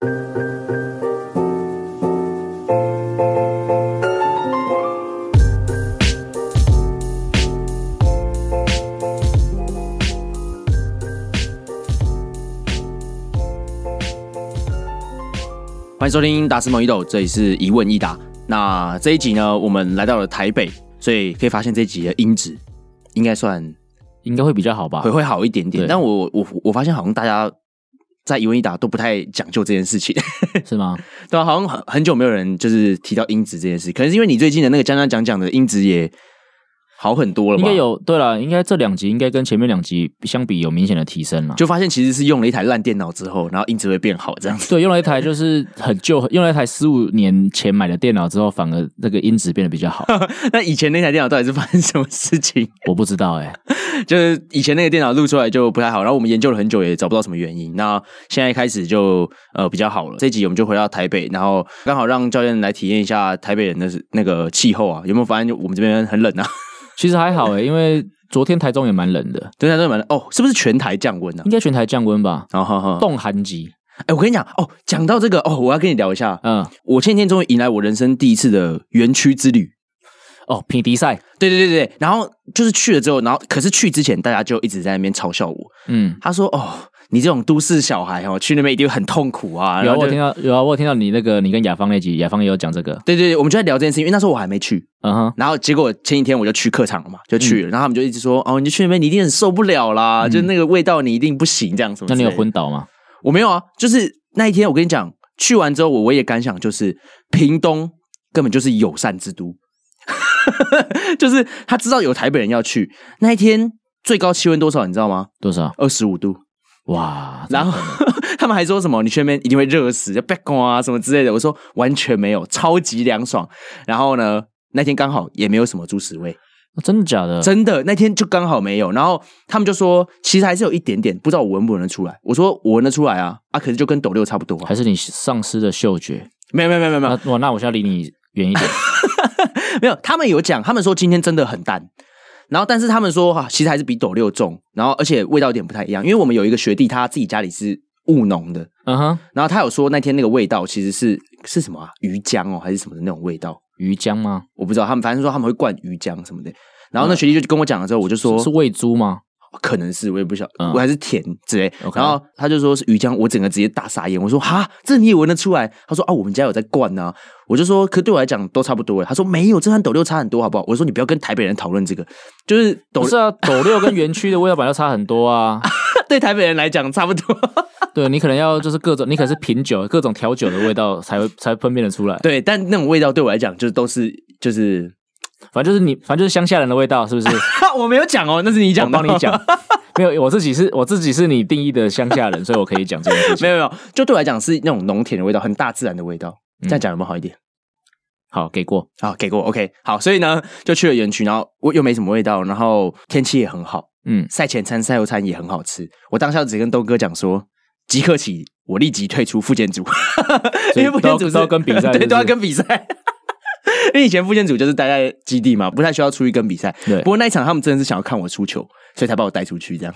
歡迎收聽《達斯 MOJITO》，這裡是“疑問奕達”那。那這一集呢，我們來到了台北，所以可以發現這一集的音質應該算應該會比較好吧，會會好一點點。對但我我我發現好像大家。在疑問奕達都不太講究這件事情，是嗎？ 對吧、啊？好像很很久沒有人就是提到音質這件事，可能是因為你最近的那個講講講講的音質也。好很多了，應該有。對了，應該這兩集應該跟前面兩集相比有明顯的提升了，就發現其實是用了一台爛電腦之後，然後音質會變好這樣子。 對，用了一台就是很舊，用了一台十五年前買的電腦之後，反而那個音質變得比較好。 那以前那台電腦到底是發生什麼事情？我不知道哎、欸， 就是以前那個電腦錄出來就不太好，然後我們研究了很久也找不到什麼原因。那現在開始就呃比較好了。這一集我們就回到台北，然後剛好讓教練來體驗一下台北人的那個氣候啊，有沒有發現我們這邊很冷啊？其實還好誒、欸、因為昨天台中也蠻冷的。對台中也蠻冷哦，是不是全台降溫呢、啊？應該全台降溫吧，哈、哦、哈，凍寒極。哎，我跟你講哦，講到這個哦，我要跟你聊一下，嗯，我前天終於迎來我人生第一次的園區之旅，哦，平迪賽，對對對對，然後就是去了之後，然後可是去之前大家就一直在那邊嘲笑我，嗯，他說哦。你這種都市小孩哦，去那邊一定很痛苦啊！有啊我有聽到，有啊，我有聽到你那個，你跟雅芳那集，雅芳也有講這個。對,對對，我們就在聊這件事情，因為那時候我還沒去，嗯哼、uh。Huh. 然後結果前幾天我就去客場了嘛，就去了，嗯、然後他們就一直說，哦，你去那邊你一定很受不了啦，嗯、就那個味道你一定不行這樣什麼。那你有昏倒嗎？我沒有啊，就是那一天我跟你講，去完之後我我唯一的感想，就是屏東根本就是友善之都， 就是他知道有台北人要去。那一天最高氣溫多少？你知道嗎？多少？二十五度。哇，然後的的 他們還說什麼你去那邊一定會熱死，要白光啊什麼之類的。我說完全沒有，超級涼爽。然後呢，那天剛好也沒有什麼豬屎味。啊，真的假的？真的，那天就剛好沒有。然後他們就說，其實還是有一點點，不知道我聞不聞得出來。我說我聞得出來啊，啊，可是就跟斗六差不多，啊，還是你喪失的嗅覺？沒有沒有沒有沒有，那，那我現在離你遠一點。 沒有，他們有講，他們說今天真的很淡。然後，但是他們說哈、啊，其實還是比斗六重。然後，而且味道有點不太一樣，因為我們有一個學弟，他自己家裡是務農的，嗯哼、uh。Huh. 然後他有說那天那個味道其實是是什麼啊？魚漿哦，還是什麼的那種味道？魚漿嗎？我不知道。他們反正說他們會灌魚漿什麼的。然後那學弟就跟我講了之後，我就說、嗯、是餵豬嗎？可能是我也不曉，嗯、我還是甜之類。Okay. 然後他就說是魚漿，我整個直接大傻眼。我說哈，這你也聞得出來？他說啊，我們家有在灌呢、啊。我就說，可對我來講都差不多。他說沒有，這和斗六差很多，好不好？我說你不要跟台北人討論這個，就是斗不是啊？斗六跟園區的味道本來就差很多啊。 對台北人來講，差不多。 對你可能要就是各種，你可能是品酒、 各種調酒的味道才會才分辨得出來。對，但那種味道對我來講就都是就是。反正就是你，反正就是鄉下人的味道，是不是？ 我沒有講哦，那是你講。我幫你講，沒有，我自己是我自己是你定義的鄉下人， 所以我可以講這件事情。沒有沒有，就對我來講是那種農田的味道，很大自然的味道。這樣講有沒有好一點？嗯、好，給過，好、哦、給過。OK，好，所以呢，就去了園區，然後我又沒什麼味道，然後天氣也很好。嗯，賽前餐、賽後餐也很好吃。我當下只跟東哥講說，即刻起我立即退出復健組， 都因為復健組都要跟比賽、就是，對，都要跟比賽。因為以前復健組就是待在基地嘛，不太需要出去跟比賽。對，不過那一場他們真的是想要看我出球，所以才把我帶出去這樣。啊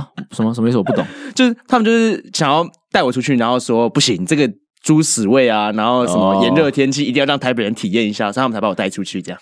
哈， 什麼什麼意思？我不懂。就是他們就是想要帶我出去，然後說不行，這個豬屎味啊，然後什麼炎熱的天氣，Oh. 一定要讓台北人體驗一下，所以他們才把我帶出去這樣。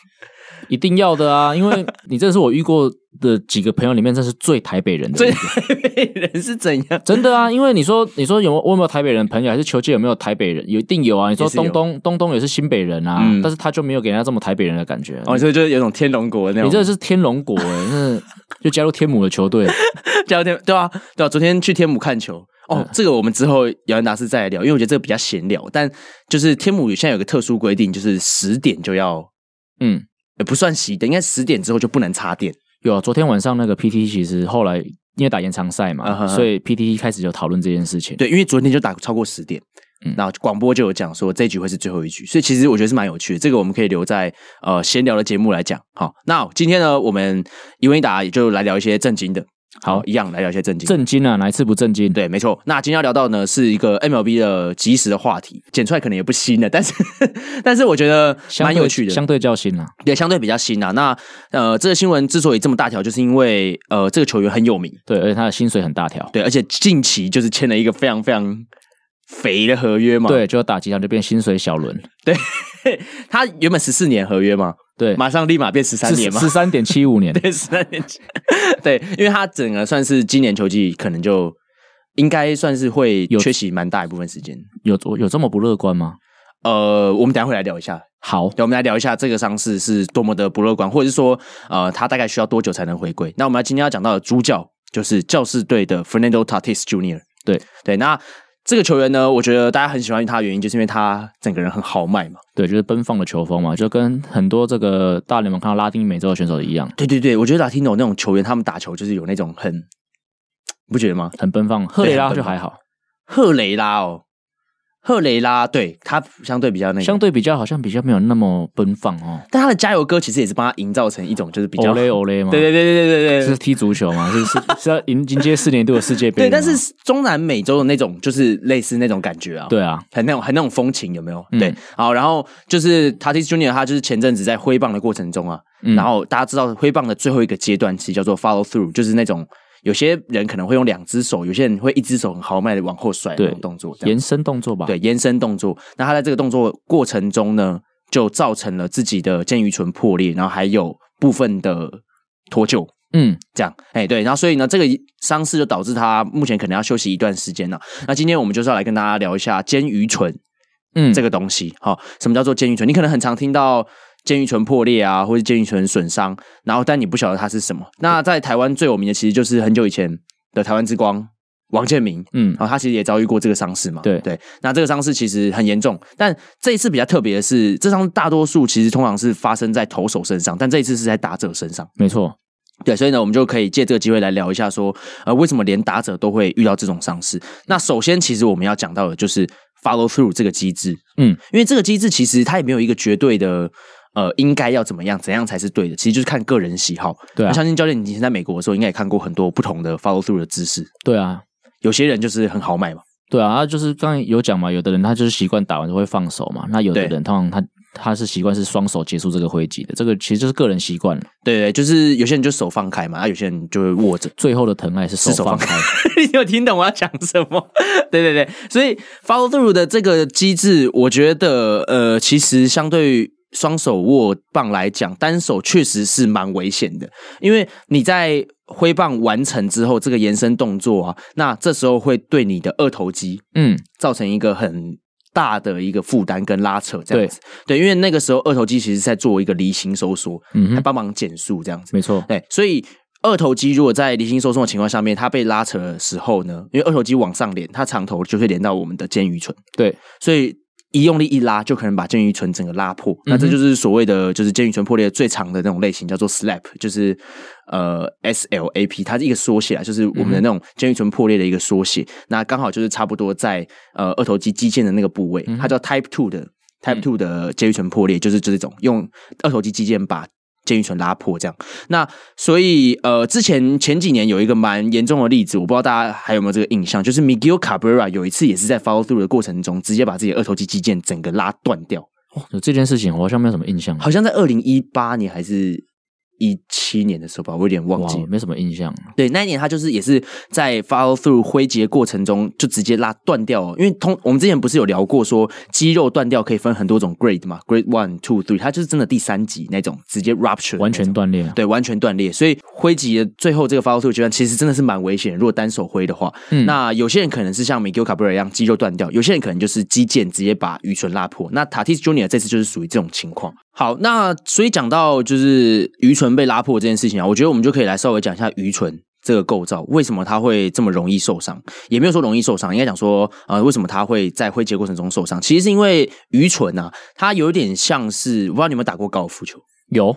一定要的啊，因為你這是我遇過的幾個朋友裡面，這是最台北人的。最台北人是怎樣？真的啊，因為你說你說有我有沒有台北人朋友，還是球界有沒有台北人？有一定有啊。你說東東東東也是新北人啊，嗯、但是他就沒有給人家這麼台北人的感覺。嗯、對哦，你這就有一種天龍國那樣，你這是天龍國。欸，是 就加入天母的球隊， 加入天母，對啊對啊。昨天去天母看球哦，嗯、這個我們之後疑問奕達再來聊，因為我覺得這個比較閒聊。但就是天母現在有個特殊規定，就是十點就要嗯。也不算熄的，應該十點之後就不能插電。有啊，昨天晚上那個 PTT，其實後來因為打延長賽嘛，啊、呵呵所以 PTT 一開始就討論這件事情。對，因為昨天就打超過十點，嗯，那廣播就有講說這局會是最後一局，所以其實我覺得是蠻有趣的。這個我們可以留在呃閒聊的節目來講。好，那好今天呢，我們疑問奕達也就來聊一些正經的。好，一樣來聊一些震驚。震驚啊，哪一次不震驚？對，沒錯。那今天要聊到呢，是一個 MLB 的即時的話題，剪出來可能也不新了，但是，但是我覺得蠻有趣的相，相對較新啊，也相對比較新啊。那呃，這個新聞之所以這麼大條，就是因為呃，這個球員很有名，對，而且他的薪水很大條，對，而且近期就是簽了一個非常非常肥的合約嘛，對，就要打幾場就變薪水小偷，對，呵呵，他原本十四年合約嘛。對，馬上立馬變十三年嘛，十三點七五年， 對，十三點七， 對，因為他整個算是今年球季，可能就應該算是會缺席蠻大一部分時間，有有，有這麼不樂觀嗎？呃，我們等一下會來聊一下。好，對，我們來聊一下這個傷勢是多麼的不樂觀，或者是說，呃，他大概需要多久才能回歸？那我們今天要講到的主教就是教士隊的 Fernando Tatis Jr.，對對，那。這個球員呢，我覺得大家很喜歡他的原因，就是因為他整個人很豪邁嘛，對，就是奔放的球風嘛，就跟很多這個大聯盟看到拉丁美洲的選手的一樣。對對對，我覺得拉丁有那種球員，他們打球就是有那種很，不覺得嗎？很奔放。赫雷拉就還好。赫雷拉哦。赫雷拉對他相對比較那個，相對比較好像比較沒有那麼奔放哦。但他的加油歌其實也是幫他營造成一種就是比較，Ole Ole 嗎？對對對對對對對，是踢足球嘛？就 是是要迎迎接四年度的世界杯？對，但是中南美洲的那種就是類似那種感覺啊。對啊，很那種很那種風情有沒有？嗯、對，好，然後就是 Tatis Junior，他就是前陣子在揮棒的過程中啊，嗯、然後大家知道揮棒的最後一個階段其實叫做 Follow Through，就是那種。有些人可能會用兩隻手，有些人會一隻手很豪邁的往後甩，對動作，對，這樣，延伸動作吧。對，延伸動作。那他在這個動作過程中呢，就造成了自己的肩盂唇破裂，然後還有部分的脫臼。嗯，這樣，哎，對。然後所以呢，這個傷勢就導致他目前可能要休息一段時間了。嗯，那今天我們就是要來跟大家聊一下肩盂唇，嗯，這個東西。好，哦，什麼叫做肩盂唇？你可能很常聽到。肩盂唇破裂啊，或是肩盂唇損傷，然後但你不曉得它是什麼。對那在台灣最有名的，其實就是很久以前的台灣之光王建民，嗯，啊，他其實也遭遇過這個傷勢嘛。對對，那這個傷勢其實很嚴重，但這一次比較特別的是，這傷大多數其實通常是發生在投手身上，但這一次是在打者身上。沒錯，對，所以呢，我們就可以借這個機會來聊一下說，說呃，為什麼連打者都會遇到這種傷勢？那首先，其實我們要講到的就是 follow through 這個機制，嗯，因為這個機制其實它也沒有一個絕對的。呃，應該要怎麼樣？怎樣才是對的？其實就是看個人喜好。對、啊，我、啊、相信教練，你以前在美國的時候，應該也看過很多不同的 follow through 的姿勢。對啊，有些人就是很豪邁嘛。對啊，他就是剛才有講嘛，有的人他就是習慣打完就會放手嘛。那有的人通常他對他是習慣是雙手結束這個揮擊的。這個其實就是個人習慣。對，對對，就是有些人就手放開嘛，那、啊、有些人就會握着。最後的疼愛是手放開。 你有聽懂我要講什麼？ 對，對對對，所以 follow through 的這個機制，我覺得呃，其實相對於雙手握棒來講，單手確實是蠻危險的，因為你在揮棒完成之後，這個延伸動作啊，那這時候會對你的二頭肌嗯造成一個很大的一個負擔跟拉扯，這樣子、嗯、對，對，因為那個時候二頭肌其實是在做一個離心收縮，嗯哼，來幫忙減速這樣子，沒錯 錯，對，所以二頭肌如果在離心收縮的情況下面，它被拉扯的時候呢，因為二頭肌往上連，它長頭就會連到我們的肩盂唇，對，所以。一用力一拉，就可能把肩盂唇整個拉破。嗯、哼那這就是所謂的，就是肩盂唇破裂的最長的那種類型，叫做 slap，就是呃 s l a p，它是一個縮寫啊，就是我們的那種肩盂唇破裂的一個縮寫。嗯、哼那剛好就是差不多在呃二頭肌肌腱的那個部位，它叫 type two 的、嗯、哼 type two 的肩盂唇破裂，就是這種用二頭肌肌腱把。肩盂唇拉破這樣，那所以呃，之前前幾年有一個蠻嚴重的例子，我不知道大家還有沒有這個印象，就是 Miguel Cabrera 有一次也是在 follow through 的過程中，直接把自己二頭肌肌腱整個拉斷掉。哦，這件事情我好像沒有什麼印象，好像在二零一八年還是一七年的時候吧，我有點忘記，沒什麼印象。對，那一年他就是也是在 follow through 揮擊的過程中就直接拉斷掉了，因為通我們之前不是有聊過說肌肉斷掉可以分很多種 grade 嗎？grade one two three，他就是真的第三級那種直接 rupture 完全斷裂，對，完全斷裂。所以揮擊的最後這個 follow through 階段其實真的是蠻危險的。如果單手揮的話，嗯、那有些人可能是像 Miguel Cabrera 一樣肌肉斷掉，有些人可能就是肌腱直接把盂唇拉破。那 Tatis Junior 這次就是屬於這種情況。好，那所以講到就是盂唇被拉破這件事情啊，我覺得我們就可以來稍微講一下盂唇這個構造，為什麼它會這麼容易受傷？也沒有說容易受傷，應該講說啊、呃，為什麼它會在揮擊過程中受傷？其實是因為盂唇啊，它有點像是，我不知道你有沒有打過高爾夫球？有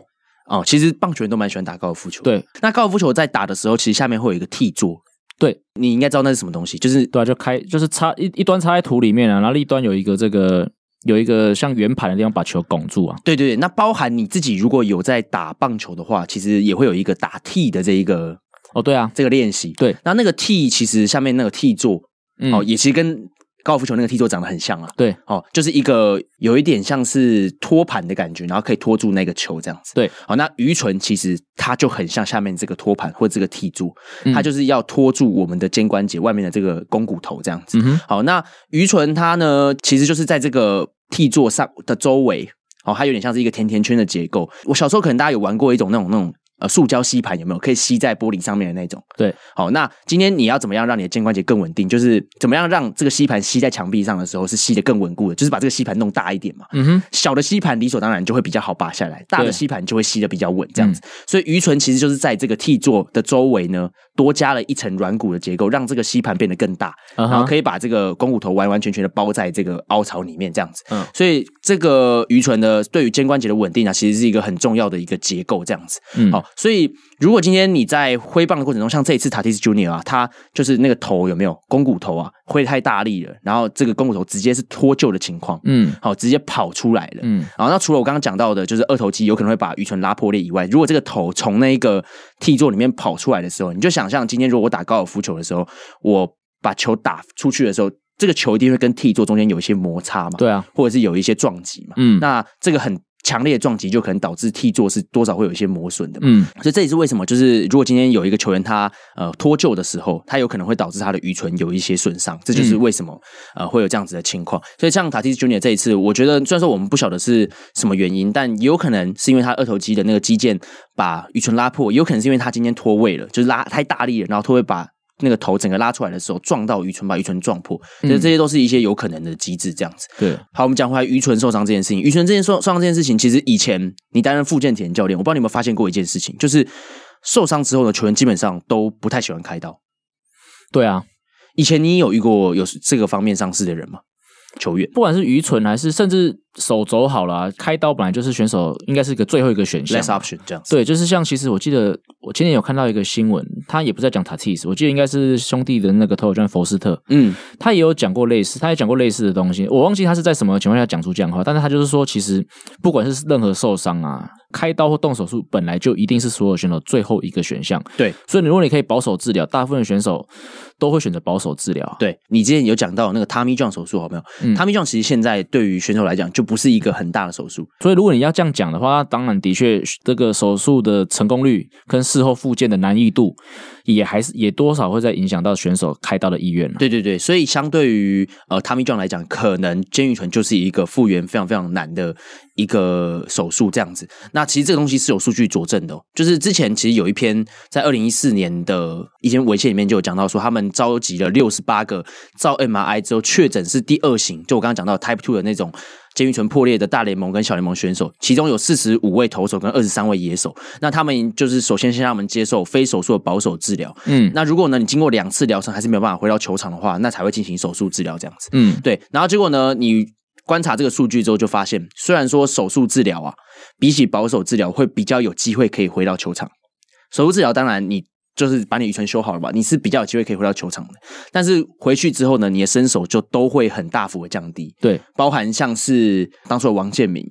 哦，其實棒球人都蠻喜歡打高爾夫球。對，那高爾夫球在打的時候，其實下面會有一個 T 座，對，你應該知道那是什麼東西？就是對、啊、就開就是插一一端插在土裡面啊，然後另一端有一個這個。有一個像圓盤的地方把球拱住啊，對對對，那包含你自己如果有在打棒球的話，其實也會有一個打 T 的這一個哦，對啊，這個練習，對，那那個 T 其實下面那個 T 座，嗯，哦，也其實跟，高爾夫球那個 T 座長得很像啊。對，哦，就是一個有一點像是托盤的感覺，然後可以托住那個球這樣子，對，好，那盂唇其實它就很像下面這個托盤或者這個 T 座，它就是要托住我們的肩關節、嗯、外面的這個肱骨頭這樣子，嗯、哼好，那盂唇它呢，其實就是在這個 T 座上的周圍，哦，它有點像是一個甜甜圈的結構。我小時候可能大家有玩過一種那種那種，呃，塑膠吸盤有沒有可以吸在玻璃上面的那種？對，好，那今天你要怎麼樣讓你的肩關節更穩定？就是怎麼樣讓這個吸盤吸在牆壁上的時候是吸得更穩固的？就是把這個吸盤弄大一點嘛。嗯哼，小的吸盤理所當然就會比較好拔下來，大的吸盤就會吸得比較穩，這樣子。對所以盂唇其實就是在這個 T 座的周圍呢。多加了一層軟骨的結構，讓這個吸盤變得更大，uh huh. 然後可以把這個肱骨頭完完全全的包在這個凹槽裡面，這樣子。Uh huh. 所以這個盂唇呢，對於肩關節的穩定啊，其實是一個很重要的一個結構，這樣子。Uh huh. 好，所以。如果今天你在揮棒的過程中，像這一次 Tatis Junior 啊，他就是那個頭有沒有肱骨頭啊揮太大力了，然後這個肱骨頭直接是脫臼的情況，嗯，好、哦，直接跑出來了，嗯，然後那除了我剛剛講到的，就是二頭肌有可能會把盂唇拉破裂以外，如果這個頭從那個 T 座裡面跑出來的時候，你就想象今天如果我打高爾夫球的時候，我把球打出去的時候，這個球一定會跟 T 座中間有一些摩擦嘛，對啊、嗯，或者是有一些撞擊嘛，嗯，那這個很。強烈的撞擊就可能導致 T 座是多少會有一些磨損的，嗯，所以這也是為什麼，就是如果今天有一個球員他呃脫臼的時候，他有可能會導致他的盂唇有一些損傷，這就是為什麼、嗯、呃會有這樣子的情況。所以像塔蒂斯 Junior 這一次，我覺得雖然說我們不曉得是什麼原因，但也有可能是因為他二頭肌的那個肌腱把盂唇拉破，也有可能是因為他今天脫位了，就是拉太大力了，然後他會把。那個頭整個拉出來的時候，撞到盂唇，把盂唇撞破，所以、嗯、這些都是一些有可能的機制，這樣子。對，好，我們講回來，盂唇受傷這件事情，盂唇這件受傷這件事情，其實以前你擔任復健體能教練，我不知道你有沒有發現過一件事情，就是受傷之後的球員基本上都不太喜歡開刀。對啊，以前你有遇過有這個方面傷勢的人嗎？球員，不管是盂唇還是甚至。手肘好了啊，開刀本來就是選手應該是一個最後一個選項。Less option 這樣子。對，就是像其實我記得我今天有看到一個新聞，他也不在講 Tatis，我記得應該是兄弟的那個投手叫佛斯特，嗯，他也有講過類似，他也講過類似的東西，我忘記他是在什麼情況下講出這樣的話，但是他就是說，其實不管是任何受傷啊，開刀或動手術，本來就一定是所有選手最後一個選項。對，所以你如果你可以保守治療，大部分的選手都會選擇保守治療。對你之前有講到那個 Tommy John 手術，好沒有 Tommy John 其實現在對於選手來講就不是一個很大的手術，所以如果你要這樣講的話，當然的確，這個手術的成功率跟事後復健的難易度，也還是也多少會再影響到選手開刀的意願。啊、對對對，所以相對於呃，Tommy John 來講，可能肩盂唇就是一個復原非常非常難的一個手術。這樣子，那其實這個東西是有數據佐證的、哦，就是之前其實有一篇在二零一四年的一篇文獻裡面就有講到說，他們召集了六十八個照 MRI 之後確診是第二型，就我剛剛講到 Type Two 的那種。肩盂唇破裂的大聯盟跟小聯盟選手，其中有四十五位投手跟二十三位野手，那他們就是首先先讓他們接受非手術的保守治療。嗯，那如果呢你經過兩次療程還是沒有辦法回到球場的話，那才會進行手術治療這樣子。嗯，對。然後結果呢，你觀察這個數據之後，就發現雖然說手術治療啊，比起保守治療會比較有機會可以回到球場。手術治療當然你。就是把你盂唇修好了吧，你是比較有機會可以回到球場的。但是回去之後呢，你的身手就都會很大幅的降低，對，包含像是當初的王建民。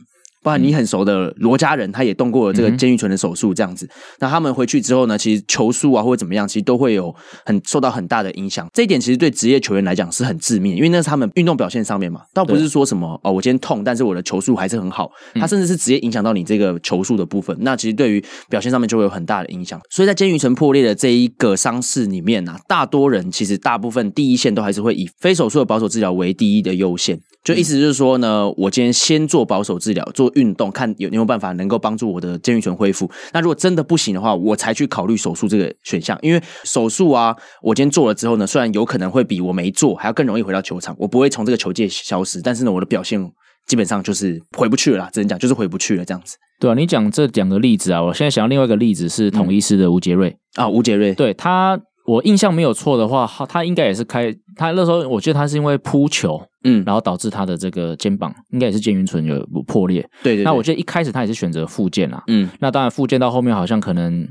不然，包括你很熟的羅家人，他也動過了這個肩盂唇的手術，這樣子、嗯哼。那他們回去之後呢，其實球速啊，或者怎麼樣，其實都會有很受到很大的影響。這一點其實對職業球員來講是很致命，因為那是他們運動表現上面嘛，倒不是說什麼對哦，我今天痛，但是我的球速還是很好。他甚至是直接影響到你這個球速的部分。嗯、那其實對於表現上面就會有很大的影響。所以在肩盂唇破裂的這一個傷勢裡面啊，大多人其實大部分第一線都還是會以非手術的保守治療為第一的優先。就意思就是說呢，嗯、我今天先做保守治療，做運動，看有，有沒有辦法能夠幫助我的肩盂唇恢復。那如果真的不行的話，我才去考慮手術這個選項。因為手術啊，我今天做了之後呢，雖然有可能會比我沒做還要更容易回到球場，我不會從這個球界消失，但是呢，我的表現基本上就是回不去了，只能講就是回不去了這樣子。對啊，你講這兩個例子啊，我現在想要另外一個例子是、嗯、統一獅的吳杰瑞啊，吳杰瑞，啊、吳杰瑞對，他。我印象沒有錯的話，他應該也是開，他那時候，我覺得他是因為撲球，嗯，然後導致他的這個肩膀應該也是肩盂唇有破裂。對對對，那我覺得一開始他也是選擇復健啦，嗯，那當然復健到後面好像可能。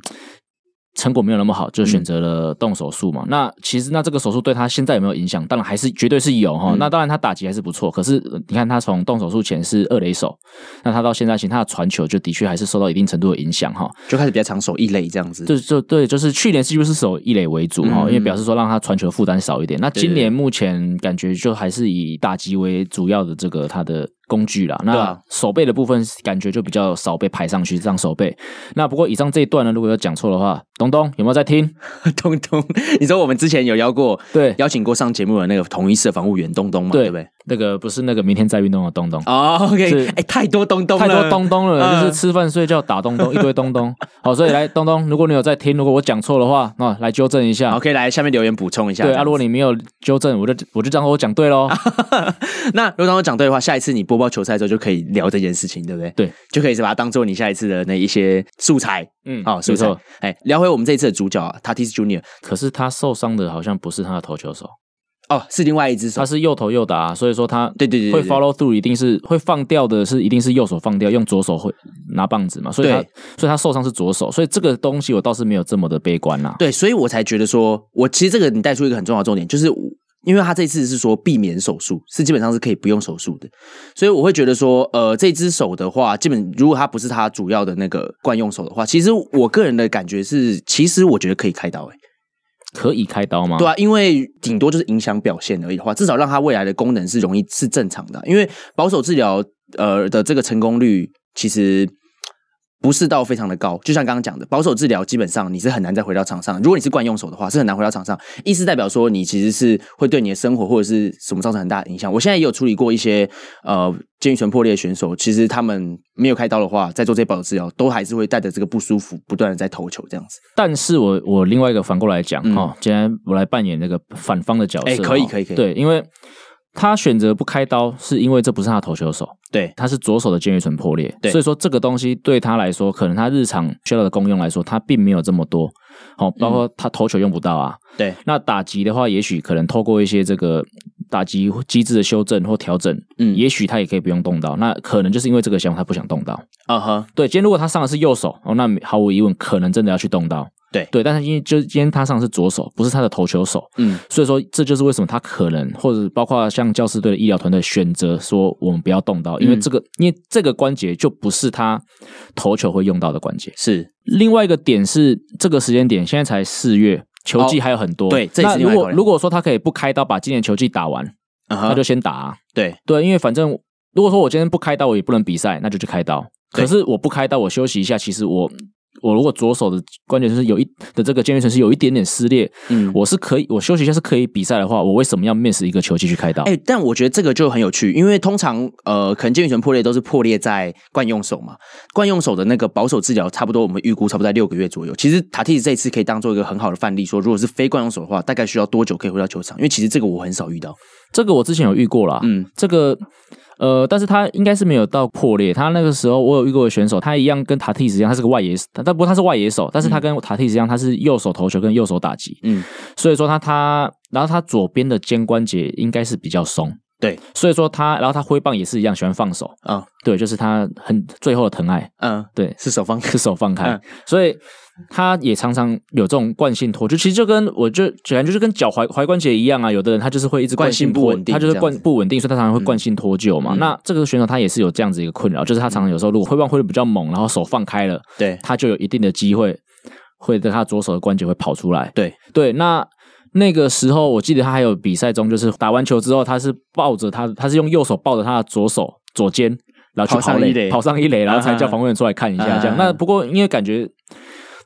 成果沒有那麼好，就選擇了動手術嘛。嗯、那其實那這個手術對他現在有沒有影響？當然還是絕對是有哈。嗯、那當然他打擊還是不錯，可是你看他從動手術前是二壘手，那他到現在其實他的傳球就的確還是受到一定程度的影響哈，就開始比較常守一壘這樣子。就就對，就是去年幾乎是守一壘為主哈，嗯嗯嗯，因為表示說讓他傳球負擔少一點。那今年目前感覺就還是以打擊為主要的這個他的。工具啦，那手背的部分感覺就比較少被排上去，這樣手背。那不過以上這一段呢，如果有講錯的話，東東有沒有在聽？ 東東，你說我們之前有邀過，對，邀請過上節目的那個統一獅的防護員東東嘛，對，對不對？那個不是那個明天再運動的東東哦，OK，哎，太多東東，太多東東了，就是吃飯、睡覺、打東東，一堆東東。好，所以來東東，如果你有在聽，如果我講錯的話，那來糾正一下。OK，來下面留言補充一下。對，那如果你沒有糾正，我就我就這樣說我講對嘍。那如果當我講對的話，下一次你播報球賽的時候就可以聊這件事情，對不對？對，就可以是把它當做你下一次的那一些素材，嗯，好素材。哎，聊回我們這一次的主角啊 Tatis Junior，可是他受傷的好像不是他的投球手。哦，是另外一隻手，他是右投右打、啊，所以說他對對對，對，對會 follow through，一定是會放掉的是，是一定是右手放掉，用左手會拿棒子嘛，所以他對所以他受傷是左手，所以這個東西我倒是沒有這麼的悲觀啦、啊。對，所以我才覺得說，我其實這個你帶出一個很重要的重點，就是因為他這次是說避免手術，是基本上是可以不用手術的，所以我會覺得說，呃，這只手的話，基本如果他不是他主要的那個慣用手的話，其實我個人的感覺是，其實我覺得可以開刀誒、欸。可以開刀嗎？對啊，因為頂多就是影響表現而已的話，至少讓他未來的功能是容易是正常的。因為保守治療呃的這個成功率其實。不是到非常的高，就像剛剛講的，保守治療基本上你是很難再回到場上。如果你是慣用手的話，是很難回到場上。意思代表說，你其實是會對你的生活或者是什麼造成很大的影響。我現在也有處理過一些呃肩盂唇破裂的選手，其實他們沒有開刀的話，在做這些保守治療，都還是會帶着這個不舒服，不斷的在投球這樣子。但是我我另外一個反過來講啊、嗯哦，今天我來扮演那個反方的角色，哎、欸，可以可以可以，可以對，因為。他選擇不開刀，是因為這不是他投球手，對，他是左手的肩盂唇破裂，對，所以說這個東西對他來說，可能他日常需要的功用來說，他並沒有這麼多，好、哦，包括他投球用不到啊，嗯、對，那打擊的話，也許可能透過一些這個打擊機制的修正或調整，嗯，也許他也可以不用動刀，那可能就是因為這個項目他不想動刀，啊哈、uh，huh、對，今天如果他上的是右手，哦，那毫無疑問，可能真的要去動刀。對，對，但是因為就今天他上是左手，不是他的投球手，嗯，所以說這就是為什麼他可能或者包括像教士隊的醫療團隊選擇說，我們不要動刀，因為這個、嗯、因為這個關節就不是他投球會用到的關節。是另外一個點是這個時間點，現在才四月，球季還有很多。哦、對，這那如果如果說他可以不開刀把今年球季打完，嗯、哼那就先打，啊。對對，因為反正如果說我今天不開刀，我也不能比賽，那就去開刀。對可是我不開刀，我休息一下，其實我。我如果左手的關節就是有一的這個肩盂唇是有一點點撕裂，嗯，我是可以，我休息一下是可以比賽的話，我為什麼要 miss 一個球繼續開刀？哎、欸，但我覺得這個就很有趣，因為通常呃，可能肩盂唇破裂都是破裂在慣用手嘛，慣用手的那個保守治療差不多，我們預估差不多在六個月左右。其實塔蒂斯這一次可以當做一個很好的範例，說如果是非慣用手的話，大概需要多久可以回到球場？因為其實這個我很少遇到，這個我之前有遇過啦。嗯，這個。呃，但是他應該是沒有到破裂。他那個時候，我有遇過的選手，他一樣跟塔蒂斯一樣，他是個外野手，但不過他是外野手，但是他跟塔蒂斯一樣，他是右手投球跟右手打擊。嗯，所以說他他，然後他左邊的肩關節應該是比較鬆。對，所以說他，然後他揮棒也是一樣，喜歡放手。啊、哦，對，就是他很最後的疼愛。嗯，對，是手放開，是手放開，嗯、所以。他也常常有這種慣性脫臼，其實就跟我就顯然就是跟腳踝踝關節一樣啊。有的人他就是會一直慣性不穩，慣不穩定，他就是慣不穩定，所以他常常會慣性脫臼嘛。嗯、那這個選手他也是有這樣子一個困擾，就是他常常有時候如果揮棒揮的比較猛，然後手放開了，對，他就有一定的機會，會在他左手的關節會跑出來。對對，那那個時候我記得他還有比賽中就是打完球之後，他是抱着他，他是用右手抱着他的左手左肩，然後去跑上一壘，跑上一壘，然後才叫防護員出來看一下。啊啊啊這樣，那不過因為感覺。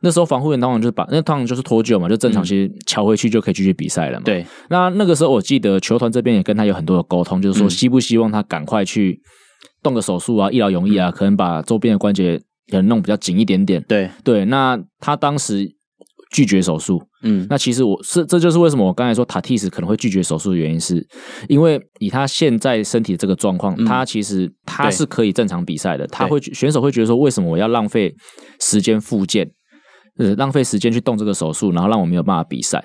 那時候防護員通常就是把那當然就是脫臼嘛，就正常先敲回去就可以繼續比賽了嘛。對、嗯。那那個時候我記得球團這邊也跟他有很多的溝通，就是說希不希望他趕快去動個手術啊，一勞永逸啊，可能把周邊的關節可能弄比較緊一點點。對對。那他當時拒絕手術。嗯。那其實我是這就是為什麼我剛才說 Tatis 可能會拒絕手術的原因是，是因為以他現在身體這個狀況，嗯、他其實他是可以正常比賽的。對他會選手會覺得說，為什麼我要浪費時間復健？呃，浪費時間去動這個手術，然後讓我沒有辦法比賽。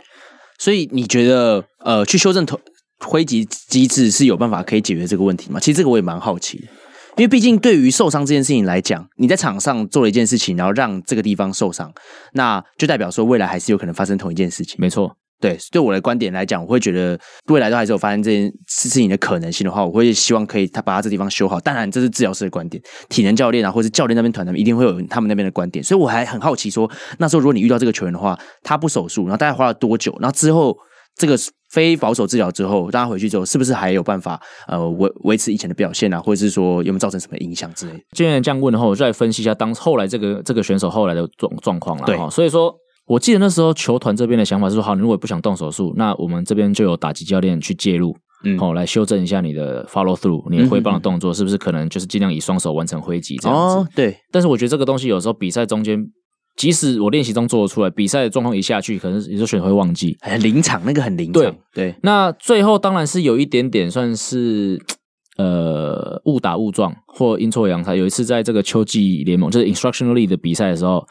所以你覺得，呃，去修正投，揮擊機制是有辦法可以解決這個問題嗎？其實這個我也蠻好奇的，因為畢竟對於受傷這件事情來講，你在場上做了一件事情，然後讓這個地方受傷，那就代表說未來還是有可能發生同一件事情。沒錯。對，對我的觀點來講，我會覺得未來都還是有發生這件事情的可能性的話，我會希望可以他把他這地方修好。當然，這是治療師的觀點，體能教練啊，或者是教練那邊團他們一定會有他們那邊的觀點。所以我還很好奇說，說那時候如果你遇到這個球員的話，他不手術，然後大概花了多久？那之後這個非保守治療之後，大家回去之後，是不是還有辦法呃維維持以前的表現啊？或者是說有沒有造成什麼影響之類的？既然這樣問的話，我再分析一下當，當後來這個這個選手後來的狀狀況了。對、哦，所以說。我記得那時候球團這邊的想法是說，好，你如果不想動手術，那我們這邊就有打擊教練去介入，嗯，好來修正一下你的 follow through，你的揮棒動作嗯嗯，是不是可能就是盡量以雙手完成揮擊這樣子？哦、對。但是我覺得這個東西有時候比賽中間，即使我練習中做得出來，比賽的狀況一下去，可能有些選手會忘記。哎，臨場那個很臨場，對。對，那最後當然是有一點點算是。呃，誤打誤撞或陰錯陽差，有一次在這個秋季聯盟，就是 instructional league 的比賽的時候，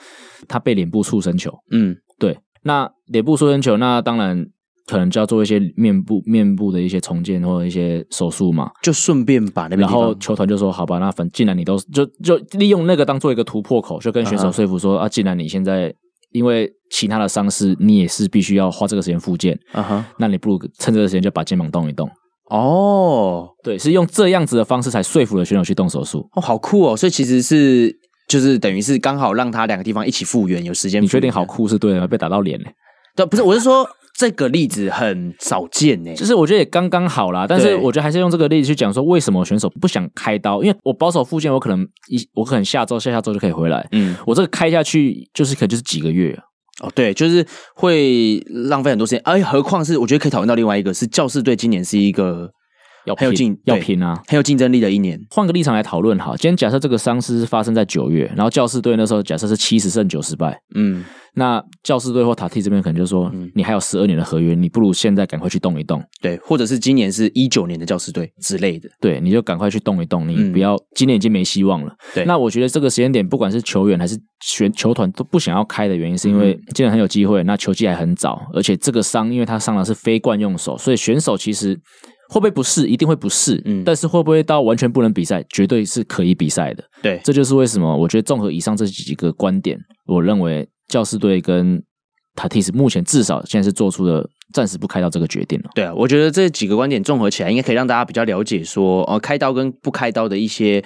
他被臉部觸身球。嗯，對，那臉部觸身球，那當然可能就要做一些面部、面部的一些重建或者一些手術嘛。就順便把那邊，然後球團就說好吧，那反正既然你都就就利用那個當做一個突破口，就跟選手說服說嗯嗯啊，既然你現在因為其他的傷勢，你也是必須要花這個時間復健。啊哈、嗯嗯，那你不如趁這個時間就把肩膀動一動。哦，oh, 對，是用這樣子的方式才說服了選手去動手術哦，oh, 好酷哦！所以其實是就是等於是剛好讓他兩個地方一起復原，有時間，你確定，好酷，是對的，被打到臉嘞、欸， 對，不是，我是說這個例子很少見呢、欸，就是我覺得也剛剛好啦，但是對我覺得還是用這個例子去講說為什麼選手不想開刀，因為我保守復健，我可能一我可能下周、下下周就可以回來，嗯，我這個開下去就是可能就是幾個月。哦，對，就是會浪費很多時間。哎，何況是，我覺得可以討論到另外一個，是教士隊今年是一個。要平要拼啊，很有競爭力的一年。換個立場來討論哈，今天假設這個傷是發生在九月，然後教士隊那時候假設是七十勝九十敗，嗯，那教士隊或塔蒂這邊可能就說，嗯、你還有十二年的合約，你不如現在趕快去動一動，對，或者是今年是一九年的教士隊之類的，對，你就趕快去動一動，你不要、嗯、今年已經沒希望了。對，那我覺得這個時間點，不管是球員還是選球團都不想要開的原因，是因為今年很有機會，那球季還很早，而且這個傷因為他傷的是非慣用手，所以選手其實。會不會不是？一定會不是，嗯。但是會不會到完全不能比賽？絕對是可以比賽的。對，這就是為什麼我覺得綜合以上這幾個觀點，我認為教士隊跟 Tatis 目前至少現在是做出了暫時不開刀這個決定了。對啊，我覺得這幾個觀點綜合起來，應該可以讓大家比較了解說，呃，開刀跟不開刀的一些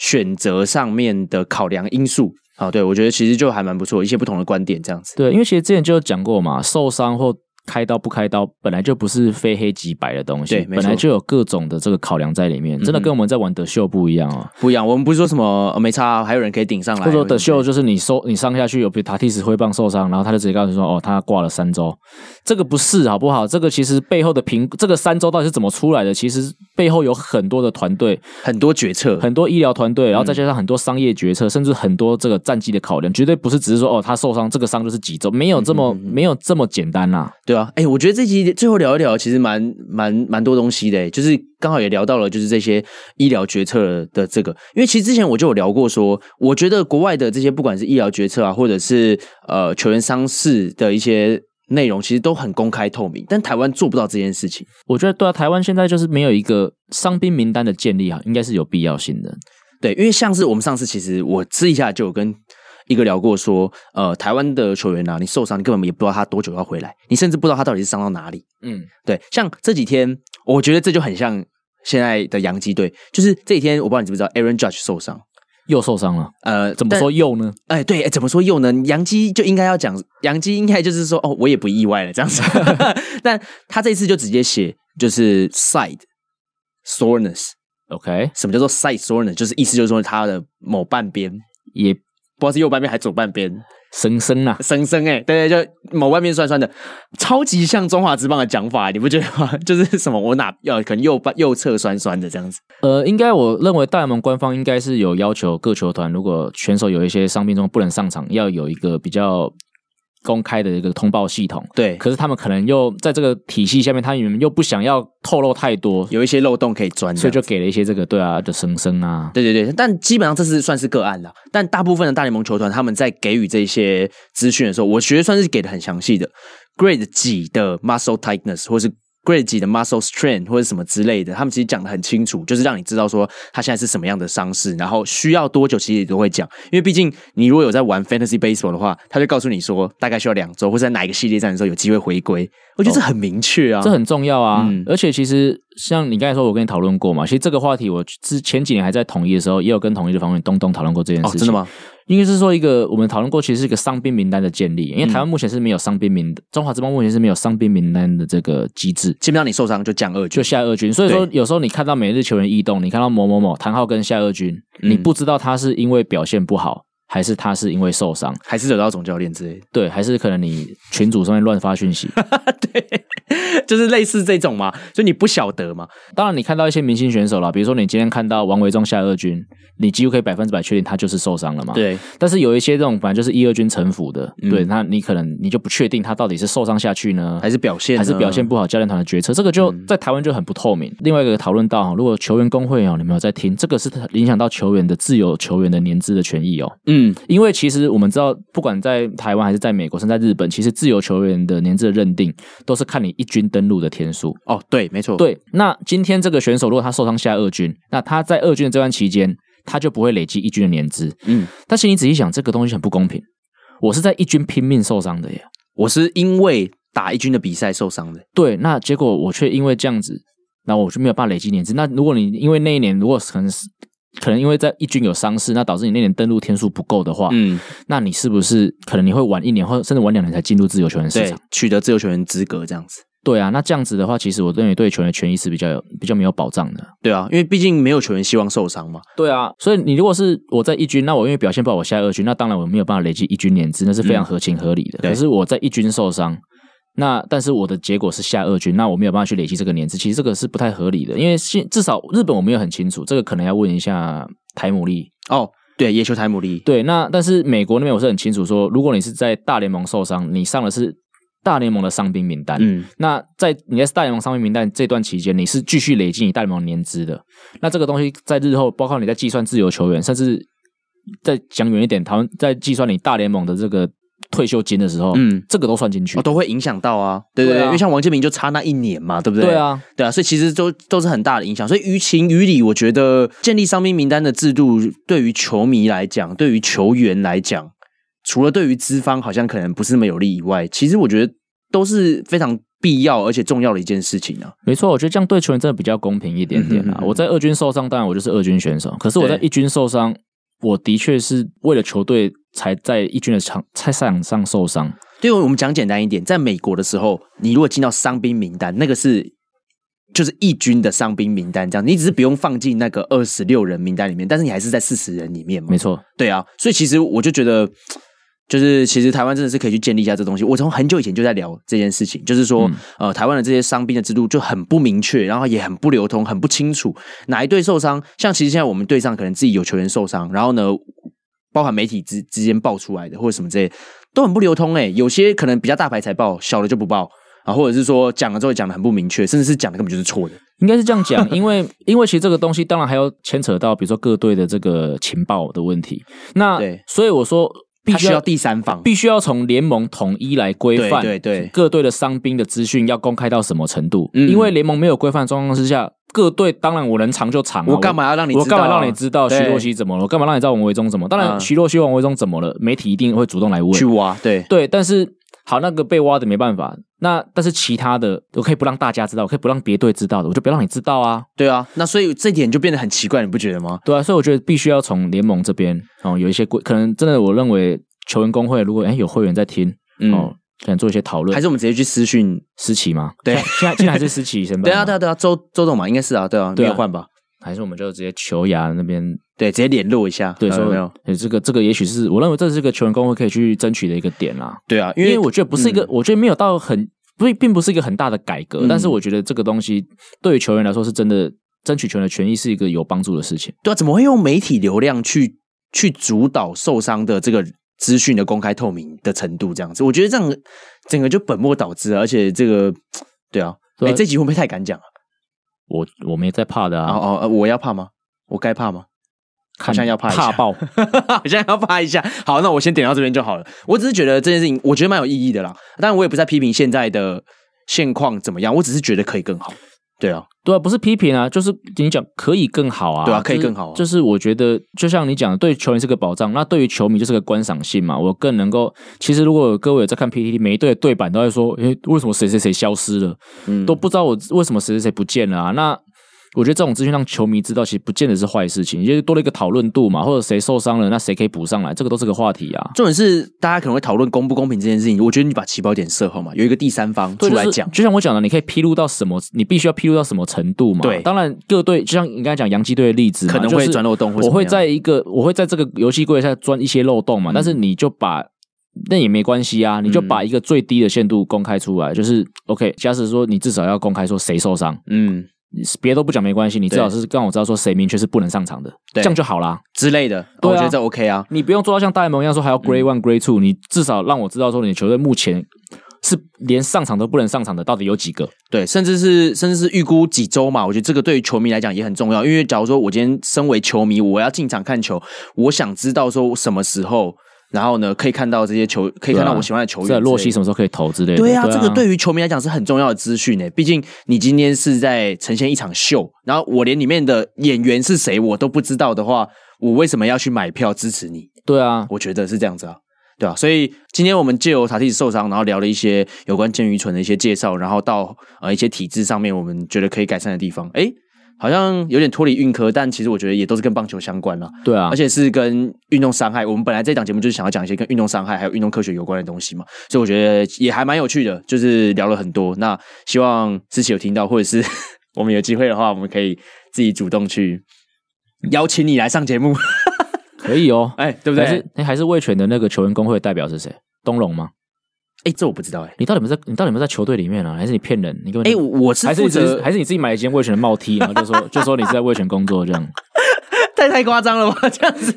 選擇上面的考量因素啊。對，我覺得其實就還蠻不錯，一些不同的觀點這樣子。對啊，因為其實之前就講過嘛，受傷或開刀不開刀本來就不是非黑即白的東西，本來就有各種的這個考量在裡面，嗯、真的跟我們在玩德秀不一樣啊、哦，不一樣。我們不是說什麼、哦、沒差、啊，還有人可以頂上來。不說德秀，就是你受對你上下去有被塔蒂斯揮棒受傷，然後他就直接告訴你說哦，他掛了三周，這個不是好不好？這個其實背後的評，這個三周到底是怎麼出來的？其實背後有很多的團隊、很多決策、很多醫療團隊，然後再加上很多商業決策，甚至很多這個戰績的考量，絕對不是只是說哦他受傷，這個傷就是幾周，沒有這麼、嗯、沒有這麼簡單啦、啊。對啊，哎、欸，我覺得這期最後聊一聊，其實蠻蠻蠻，蠻多東西的、欸，就是剛好也聊到了，就是這些醫療決策的這個，因為其實之前我就有聊過說，說我覺得國外的這些不管是醫療決策啊，或者是呃球員傷勢的一些內容，其實都很公開透明，但台灣做不到這件事情。我覺得對啊，台灣現在就是沒有一個傷兵名單的建立啊，應該是有必要性的。對，因為像是我們上次，其實我私底下就有跟。一個聊過說，呃，台灣的球員啊，你受傷，你根本也不知道他多久要回來，你甚至不知道他到底是傷到哪裡。嗯，對，像這幾天，我覺得這就很像現在的洋基隊，就是這幾天，我不知道你知不知道，Aaron Judge 受傷又受傷了。呃，怎麼說又呢？哎，對，哎，怎麼說又呢？洋基就應該要講洋基，應該就是說，哦，我也不意外了，這樣子。 但他這次就直接寫就是 side soreness，OK？Okay. 什麼叫做 side soreness？就是意思就是說他的某半邊也。不知道是右半邊還是左半邊，生生啊，生生哎、欸，對，對對，就某外面酸酸的，超級像中華職棒的講法、欸，你不覺得嗎？就是什麼，我哪要可能右半右側酸酸的這樣子？呃，應該我認為大聯盟官方應該是有要求各球團，如果選手有一些傷病中不能上場，要有一個比較。公開的一個通報系統，對，可是他們可能又在這個體系下面，他們又不想要透露太多，有一些漏洞可以鑽，所以就給了一些這個，對啊，的聲聲啊，對對對，但基本上這是算是個案了。但大部分的大聯盟球團他們在給予這些資訊的時候，我覺得算是給的很詳細的，Grade 幾的 muscle tightness 或是。Grade 級的 muscle strain 或者什麼之類的，他們其實講的很清楚，就是讓你知道說他現在是什麼樣的傷勢，然後需要多久，其實也都會講。因為畢竟你如果有在玩 fantasy baseball 的話，他就告訴你說大概需要兩周，或者在哪一個系列戰的時候有機會回歸。我覺得這很明確啊，哦、這很重要啊、嗯。而且其實像你剛才說，我跟你討論過嘛，其實這個話題我之前幾年還在統一的時候，也有跟統一的方面東東討論過這件事情，哦、真的嗎？應該是說一個，我們討論過，其實是一個傷兵名單的建立。因為台灣目前是沒有傷兵名，嗯、中華職棒目前是沒有傷兵名單的這個機製。基本上你受傷就降二軍，就下二軍。所以說有時候你看到每日球員異動，對你看到某某某、譚浩跟下二軍，嗯、你不知道他是因為表現不好。還是他是因為受傷，還是惹到總教練之類？對，還是可能你群組上面亂發訊息？ 對，就是類似這種嘛，就你不曉得嘛。當然，你看到一些明星選手啦，比如說你今天看到王維中下二軍，你幾乎可以百分之百確定他就是受傷了嘛。對。但是有一些這種反正就是一二軍沉浮的，嗯、對，那你可能你就不確定他到底是受傷下去呢，還是表現還是表現不好，教練團的決策這個就在台灣就很不透明。嗯、另外一個討論到，如果球員工會哦，你們有在聽？這個是影響到球員的自由球員的年資的權益哦。嗯。嗯，因為其實我們知道，不管在台灣還是在美國，甚至在日本，其實自由球員的年資的認定都是看你一軍登錄的天數。哦，對，沒錯，對。那今天這個選手如果他受傷下二軍，那他在二軍的這段期間，他就不會累積一軍的年資。嗯，但是你仔細想，這個東西很不公平。我是在一軍拼命受傷的耶，我是因為打一軍的比賽受傷的。對，那結果我卻因為這樣子，那我就沒有辦法累積年資。那如果你因為那一年如果可能是可能因為在一軍有傷勢，那導致你那年登錄天數不夠的話，嗯，那你是不是可能你會晚一年或甚至晚兩年才進入自由球員市場，取得自由球員資格這樣子？對啊，那這樣子的話，其實我認為對球員權益是比較有比較沒有保障的。對啊，因為畢竟沒有球員希望受傷嘛。對啊，所以你如果是我在一軍，那我因為表現不好，我下二軍，那當然我沒有辦法累積一軍年資，那是非常合情合理的。嗯，可是我在一軍受傷。那但是我的結果是下二軍，那我沒有辦法去累積這個年資，其實這個是不太合理的，因為至少日本我沒有很清楚，這個可能要問一下台姆利。哦，對野球台姆利。對，那但是美國那邊我是很清楚說，說如果你是在大聯盟受傷，你上的是大聯盟的傷兵名單，嗯，那在你在大聯盟傷兵名單這段期間，你是繼續累積你大聯盟年資的，那這個東西在日後，包括你在計算自由球員，甚至再講遠一點，他們在計算你大聯盟的這個。退休金的時候，嗯，這個都算進去。哦，都會影響到啊，對不對？對啊，因為像王建民就差那一年嘛，對不對？對啊，對啊，所以其實都都是很大的影響。所以於情於理，我覺得建立傷兵名單的制度，對於球迷來講，對於球員來講，除了對於資方好像可能不是那麼有利以外，其實我覺得都是非常必要而且重要的一件事情啊。沒錯，我覺得這樣對球員真的比較公平一點點啊。嗯哼哼。我在二軍受傷，當然我就是二軍選手，可是我在一軍受傷。我的確是為了球隊才在一軍的場賽場上，上受傷。對，我們講簡單一點，在美國的時候，你如果進到傷兵名單，那個是就是一軍的傷兵名單這樣，你只是不用放進那個二十六人名單裡面，但是你還是在四十人裡面嘛。沒錯，對啊，所以其實我就覺得。就是其實台灣真的是可以去建立一下這東西。我從很久以前就在聊這件事情，就是說，呃，台灣的這些傷兵的制度就很不明確，然後也很不流通，很不清楚哪一隊受傷。像其實現在我們隊上可能自己有球員受傷，然後呢，包含媒體之之間爆出來的或者什麼之類都很不流通。哎，有些可能比較大牌才爆，小的就不爆啊，或者是說講了之後講得很不明確，甚至是講的根本就是錯的。應該是這樣講，因為 因為其實這個東西當然還要牽扯到比如說各隊的這個情報的問題。那對 所以我說。必須要，要第三方，必須要從聯盟統一來規範，對對對，各隊的傷兵的資訊要公開到什麼程度？因為聯盟沒有規範狀況之下，各隊當然我能藏就藏，啊。我幹嘛要讓你知道，啊？我幹嘛讓你知道徐若熙怎麼了？對我幹嘛讓你知道王維中怎麼？當然，徐若熙、王維中怎麼了？媒體一定會主動來問、去挖，對對。但是好，那個被挖的沒辦法。那但是其他的我可以不讓大家知道，我可以不讓別隊知道的，我就不要讓你知道啊。對啊，那所以這點就變得很奇怪，你不覺得嗎？對啊，所以我覺得必須要從聯盟這邊哦，有一些規，可能真的我認為球員工會如果哎、欸、有會員在聽、嗯、哦，可能做一些討論，還是我們直接去私訊思齊嘛？嗎對，現在現在還是思齊先吧。對啊對啊對啊，周周總嘛應該是啊，對啊，對也、啊、換、啊、吧，還是我們就直接球牙那邊。對，直接聯絡一下。對，所以沒有，所以這個這個也許是我認為這是一個球員工會可以去爭取的一個點啦、啊。對啊，因為，因為我覺得不是一個，嗯、我覺得沒有到很，不是，並不是一個很大的改革，嗯、但是我覺得這個東西對於球員來說是真的，爭取球員的權益是一個有幫助的事情。對啊，怎麼會用媒體流量去去主導受傷的這個資訊的公開透明的程度這樣子？我覺得這樣整個就本末倒置、啊，而且這個對啊，哎、啊，這集會不會太敢講、啊、我我沒在怕的啊，哦哦、呃，我要怕嗎？我該怕嗎？好像要拍一下，怕爆 好像要拍一下。好，那我先點到這邊就好了。我只是覺得這件事情，我覺得蠻有意義的啦。但我也不在批評現在的現況怎麼樣，我只是覺得可以更好。對啊，對啊，不是批評啊，就是你講可以更好啊，對啊，可以更好啊。就，就是我覺得，就像你講的，對球員是個保障，那對於球迷就是個觀賞性嘛。我更能夠，其實如果有各位有在看 PTT，每一隊的隊板都在說，誒，為什麼誰誰誰消失了？嗯，都不知道我為什麼誰誰誰不見了啊。那我覺得這種資訊讓球迷知道，其實不見得是壞事情，也就是多了一個討論度嘛，或者誰受傷了，那誰可以補上來，這個都是個話題啊。重點是大家可能會討論公不公平這件事情。我覺得你把起跑點設好嘛，有一個第三方出來講，就是，就像我講的，你可以披露到什麼，你必須要披露到什麼程度嘛。對，當然各隊就像你剛才講洋基隊的例子，可能會鑽漏洞或是，我會在一個我會在這個遊戲規則下鑽一些漏洞嘛。嗯、但是你就把那也沒關係啊，你就把一個最低的限度公開出來，嗯、就是 OK。假設說你至少要公開說誰受傷，嗯。你別都不講沒關係，你至少是讓我知道說誰明確是不能上場的，對這樣就好啦，之類的，啊哦。我覺得這 OK 啊，你不用做到像大聯盟一樣說還要 Grade One Grade Two，你至少讓我知道說你球隊目前是連上場都不能上場的到底有幾個？對，甚至是甚至是預估幾週嘛？我覺得這個對於球迷來講也很重要，因為假如說我今天身為球迷，我要進場看球，我想知道說什麼時候。然後呢，可以看到這些球，可以看到我喜歡的球員。這、啊、洛西什麼時候可以投之類的？對啊，對啊，這個對於球迷來講是很重要的資訊呢。畢竟你今天是在呈現一場秀，然後我連裡面的演員是誰我都不知道的話，我為什麼要去買票支持你？對啊，我覺得是這樣子啊，對啊。所以今天我們借由塔提斯受傷，然後聊了一些有關肩盂唇的一些介紹，然後到呃一些體制上面，我們覺得可以改善的地方。誒。好像有點脫離運科，但其實我覺得也都是跟棒球相關啦。對啊，而且是跟運動傷害。我們本來這檔節目就是想要講一些跟運動傷害還有運動科學有關的東西嘛，所以我覺得也還蠻有趣的，就是聊了很多。那希望自己有聽到，或者是我們有機會的話，我們可以自己主動去邀請你來上節目。 可以哦，哎、欸，對不對？哎、欸，還是味全的那個球員工會代表是誰？東龍嗎？哎、欸，這我不知道。哎、欸，你到底有沒有？你到底有沒有在球隊裡面啊？還是你騙人？你給我哎，我是負責還是，還是你自己買了一件味全的帽 T，然後就說，就說你是在味全工作這樣？ 太太誇張了吧？這樣子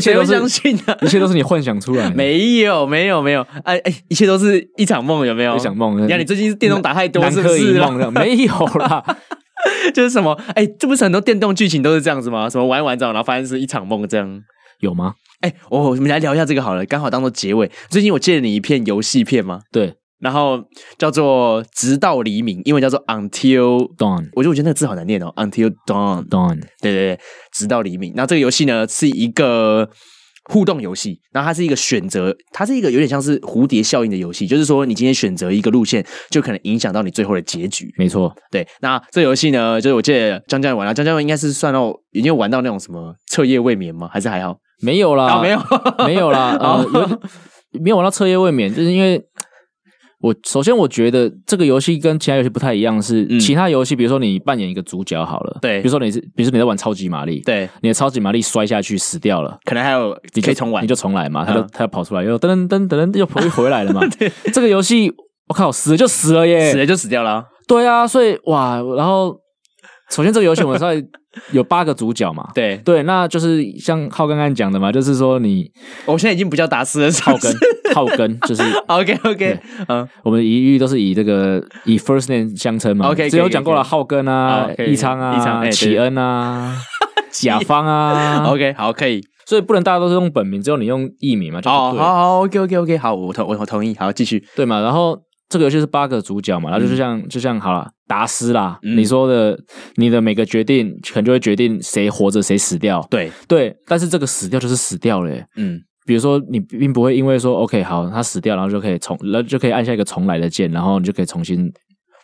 誰會相信啊？一切都是你幻想出來的，沒有，沒有，沒有，哎、啊、哎、欸，一切都是一場夢，有沒有？一場夢是不是？你看你最近是電動打太多，是不是以？沒有啦， 就是什麼？哎、欸，這不是很多電動劇情都是這樣子嗎？什麼玩一玩，然後發現是一場夢，這樣有嗎？哎，我、欸哦、我們來聊一下這個好了，剛好當做結尾。最近我借了你一片遊戲片嗎？對，然後叫做《直到黎明》，英文叫做 Until Dawn。我覺得，我覺得那個字好難念哦，Until Dawn，Dawn。Dawn 對對對，直到黎明。那這個遊戲呢，是一個互動遊戲，然後它是一個選擇，它是一個有點像是蝴蝶效應的遊戲，就是說你今天選擇一個路線，就可能影響到你最後的結局。沒錯，對。那這個遊戲呢，就是我借了江教練玩了、啊，江教練應該是算到已經有玩到那種什麼徹夜未眠嗎？還是還好？沒有啦，oh, 沒有， 沒有啦，啊、呃，oh. 有，沒有玩到徹夜未眠，就是因為我，我首先我覺得這個遊戲跟其他遊戲不太一樣，是其他遊戲，比如說你扮演一個主角好了，對、嗯，比如說你是，比如說你在玩超級瑪麗，對，你的超級瑪麗摔下去死掉了，對掉了可能還有你就可以重玩，你就重來嘛，他就他就跑出來又噔噔噔噔又回回來了嘛， 對這個遊戲我靠死了就死了耶，死了就死掉了、啊，對啊，所以哇，然後。首先，這個遊戲我們稍微有八個主角嘛。對對，那就是像浩根剛剛講的嘛，就是說你，我們現在已經不叫達斯了，浩根，浩根就是。OK OK，嗯，我們一律都是以這個以 first name 相稱嘛。OK，只有講過了浩根啊、宜昌啊、啟恩啊、甲方啊。OK，好，可以。所以不能大家都是用本名，只有你用藝名嘛，好好，OK OK OK，好，我同我我同意，好，繼續。對嘛，然後。這個遊戲是八個主角嘛，然後就是像就像，就像好了，達斯啦，啦嗯、你說的，你的每個決定可能就會決定誰活着誰死掉。對對，但是這個死掉就是死掉了耶。嗯，比如說你並不會因為說 OK 好，他死掉，然後就可以重，然後就可以按下一個重來的鍵，然後你就可以重新，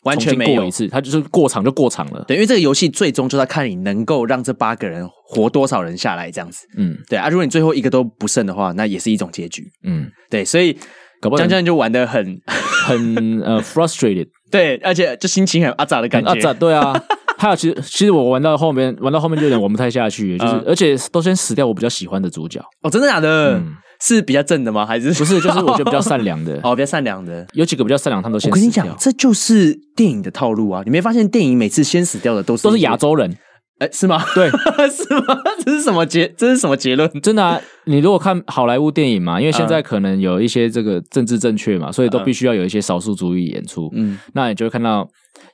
完全沒有一次，有他就是過場就過場了。對，因為這個遊戲最終就在看你能夠讓這八個人活多少人下來這樣子。嗯，對啊，如果你最後一個都不剩的話，那也是一種結局。嗯，對，所以。搞不好江江就玩的很 很呃、uh, frustrated，對，而且就心情很阿扎的感覺，阿扎對啊。 還有其實其實我玩到後面玩到後面就有點玩不太下去，就是、嗯、而且都先死掉我比較喜歡的主角。哦，真的假的？嗯、是比較正的嗎？還是？不是，就是我覺得比較善良的。 哦，比較善良的。有幾個比較善良，他們都先死掉。我跟你講，這就是電影的套路啊！你沒發現電影每次先死掉的都是都是亞洲人？哎、欸，是嗎？對， 是嗎？這是什麼結？這是什麼結論？真的啊！你如果看好萊塢電影嘛，因為現在可能有一些這個政治正確嘛，所以都必須要有一些少數族裔演出。嗯，那你就會看到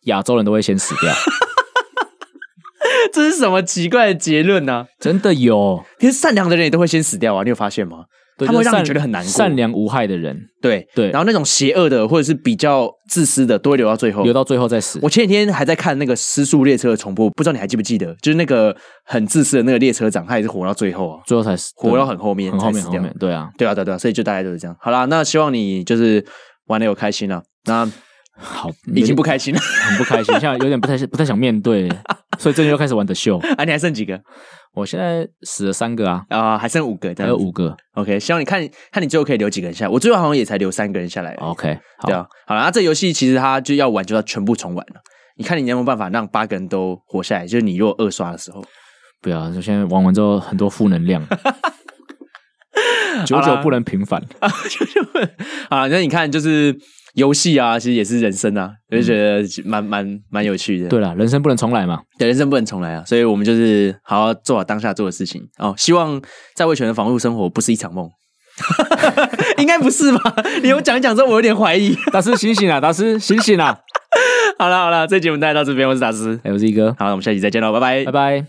亞洲人都會先死掉。 這是什麼奇怪的結論呢、啊？真的有？其實善良的人也都會先死掉啊！你有發現嗎？對他們會讓你覺得很難受，善良無害的人，對對，對對，然後那種邪惡的或者是比較自私的，都會留到最後，留到最後再死。我前幾天還在看那個《失速列車》的重播，不知道你還記不記得？就是那個很自私的那個列車長，他也是活到最後啊，最後才死。活到很後面很後面，後面死掉後面後面。對啊，對啊，對對啊，所以就大概就是這樣。好啦，那希望你就是玩的有開心了，啊。那好，已經不開心了，很不開心， 現在有點不太不太想面對，所以最近又開始玩 The Show。啊，你還剩幾個？我現在死了三個啊啊，還剩五個，還有五個。OK，希望你看看你最後可以留幾個人下來。我最後好像也才留三個人下來。OK，對啊，好了，好啦這遊戲其實它就要玩就要全部重玩了。你看你有沒有辦法讓八個人都活下來？就是你如果二刷的時候，不要。就現在玩完之後很多負能量， 久久不能平反。久久不能啊，那你看就是。遊戲啊，其實也是人生啊，嗯、我就覺得蠻蠻蠻有趣的。對啦，人生不能重來嘛對，人生不能重來啊，所以我們就是好好做好當下做的事情哦。希望在魏權的防護生活不是一場夢， 應該不是吧？你有講一講之後，我有點懷疑。達斯 醒醒啊，達斯醒醒啊！ 好了好了，這集我們帶到這邊，我是達斯，欸，我是奕哥，好，我們下期再見嘍，拜拜，拜拜。